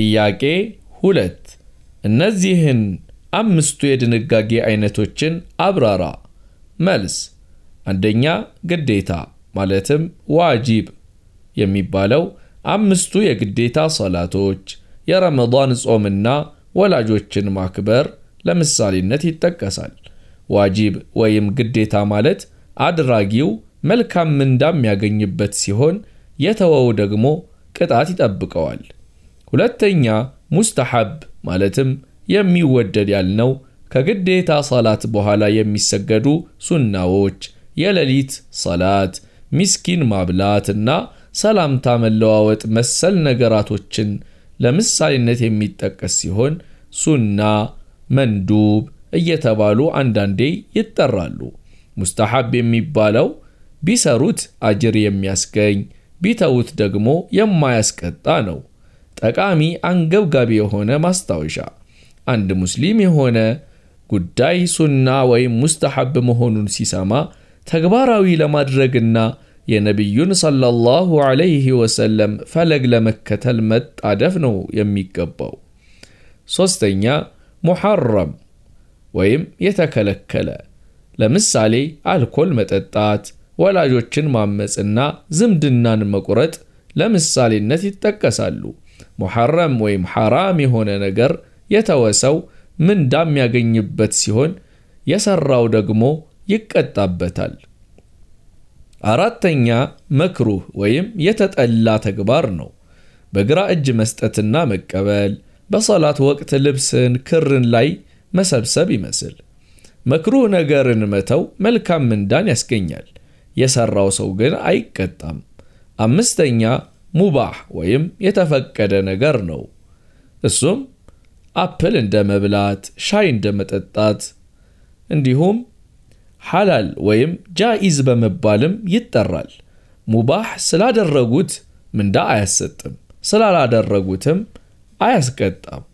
ጥያቄ ሁለት እነዚህን አምስቱ የድንጋጌ አይነቶችን አብራራ። መልስ፣ አንደኛ ግዴታ ማለትም ዋጂብ የሚባለው አምስቱ የግዴታ ሰላቶች፣ የረመዳን ጾምና ወላጆችን ማክበር ለምሳሌነት ይጠቀሳል። ዋጂብ ወይም ግዴታ ማለት አድራጊው መልካም ምንዳ የሚያገኝበት ሲሆን የተወው ደግሞ ቅጣት ይጠብቀዋል። ሁለተኛ ሙስተሐብ ማለትም የሚወደድ ያልነው ከግዴታ ሰላት በኋላ የሚሰገዱ ሱናዎች የሌሊት ሰላት፣ ሚስኪን ማብላት እና ሰላምታ መለዋወጥ መሰል ነገራቶችን ለምሳሌነት የሚጠቀስ ሲሆን ሱና፣ መንዱብ እየተባሉ አንዳንዴ ይጠራሉ። ሙስተሐብ የሚባለው ቢሰሩት አጅር የሚያስገኝ ቢተውት ደግሞ የማያስቀጣ ነው። ጠቃሚ አንገብጋቢ የሆነ ማስታወሻ አንድ ሙስሊም የሆነ ጉዳይ ሱና ወይም ሙስተሐብ መሆኑን ሲሰማ ተግባራዊ ለማድረግና የነቢዩን ሰለላሁ ዐለይሂ ወሰለም ፈለግ ለመከተል መጣደፍ ነው የሚገባው። ሦስተኛ ሙሐረም ወይም የተከለከለ፣ ለምሳሌ አልኮል መጠጣት፣ ወላጆችን ማመፅና ዝምድናን መቁረጥ ለምሳሌነት ይጠቀሳሉ። ሙሐረም ወይም ሐራም የሆነ ነገር የተወሰው ምንዳ የሚያገኝበት ሲሆን የሰራው ደግሞ ይቀጣበታል። አራተኛ መክሩህ ወይም የተጠላ ተግባር ነው። በግራ እጅ መስጠትና መቀበል፣ በሰላት ወቅት ልብስን ክርን ላይ መሰብሰብ ይመስል መክሩህ ነገርን መተው መልካም ምንዳን ያስገኛል። የሰራው ሰው ግን አይቀጣም። አምስተኛ ሙባህ ወይም የተፈቀደ ነገር ነው። እሱም አፕል እንደ መብላት፣ ሻይ እንደ መጠጣት እንዲሁም ሐላል ወይም ጃኢዝ በመባልም ይጠራል። ሙባህ ስላደረጉት ምንዳ አያሰጥም፣ ስላላደረጉትም አያስቀጣም።